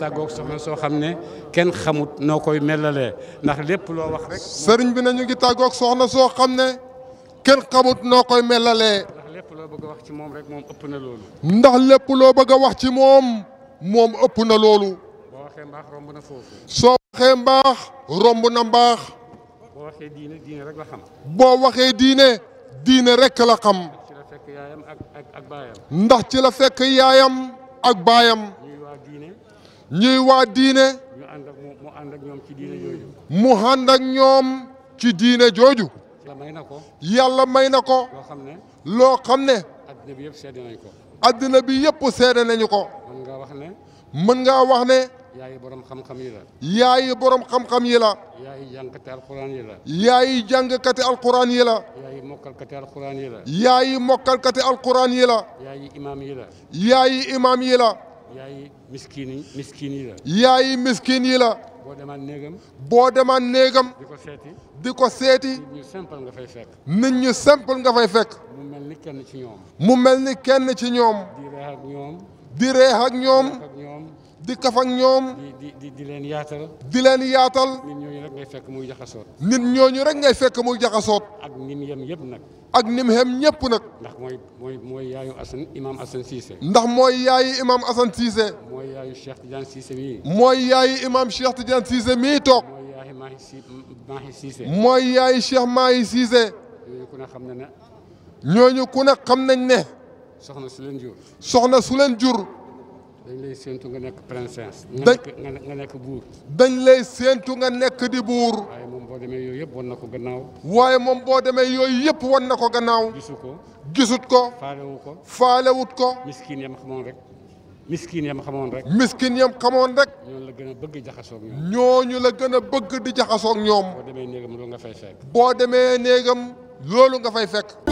tàggoog soxna soo xam ne kenn xamut noo koy ndax lépp loo wax rek. sëriñ bi nañu ngi tàggoog soxna soo xam ne kenn xamut noo koy melalee. ndax lépp loo bëgg a wax ci moom rek moom ëpp na loolu. ndax lépp loo bëgg wax ci moom moom ëpp na loolu. boo waxee mbaax romb na foofu. soo waxee mbaax romb na mbaax. boo waxee diine diine rek la xam. boo waxee diine diine rek la xam. ndax ci la fekk yaayam ak ak ñuy waa diine. ñu ànd mu ànd ak ñoom ci diine jooju. mu ànd ak ñoom ci diine jooju. yàlla may na ko. yàlla may na ko. loo xam ne. loo xam ne. addina bi yëpp seede nañ ko. addina bi yëpp seede nañu ko. mën nga wax ne. mën ngaa wax ne. yaayi borom xam-xam yi la. yaayi borom xam-xam yi la. yaayi jàngkati alquran yi la. yaayi jàngkati alquran yi la. yaayi mokkalkati alquran yi la. yaayi la. yi la. yaayi imaam yi yaayi miskiin yi miskin yi la. yaayi miskin yi la. boo demaan néegam. boo demaan néegam. di ko seeti. di ko seeti. ñu simple nga fay fekk. nit ñu simple nga fay fekk. mu mel ni kenn ci ñoom. mu mel ni kenn ci ñoom. di reex ak ñoom. di reex ñoom. di leen yaatal. di leen yaatal. ngay muy jaxasoot nit ñooñu rek ngay fekk muy jaxasoot ak nim yem yëpp nag ak nim hem ñëpp nag ndax mooy mooy mooy yaayu Assane imam Assane Cissé ndax mooy yaayu imam Assane Cissé mooy yaayu Cheikh Tidiane Cissé mii mooy yaayu imam Cheikh Tidiane Cissé mii toog mooy yaayu Mahi Mahi mooy yaayu Cheikh Mahi Cissé ñooñu ku ne xam na ne ñooñu ku ne xam nañ ne soxna su jur soxna su jur dañ lay séentu nga nekk princesse. nga nekk buur. dañ lay séentu nga nekk di buur. waaye moom boo demee yooyu yëpp wan na ko gannaaw. waaye moom boo demee yooyu yëpp wan na ko gannaaw. gisu ko gisut ko. faalewu ko faalewut ko. miskin yam xamoon rek. miskin yam xamoon rek. miskin yam xamoon rek. ñoo la gën a bëgg jaxasoo ak ñoom. la gën a bëgg di jaxasoo ak ñoom. demee néegam loolu nga fay fekk. boo demee néegam loolu nga fay fekk.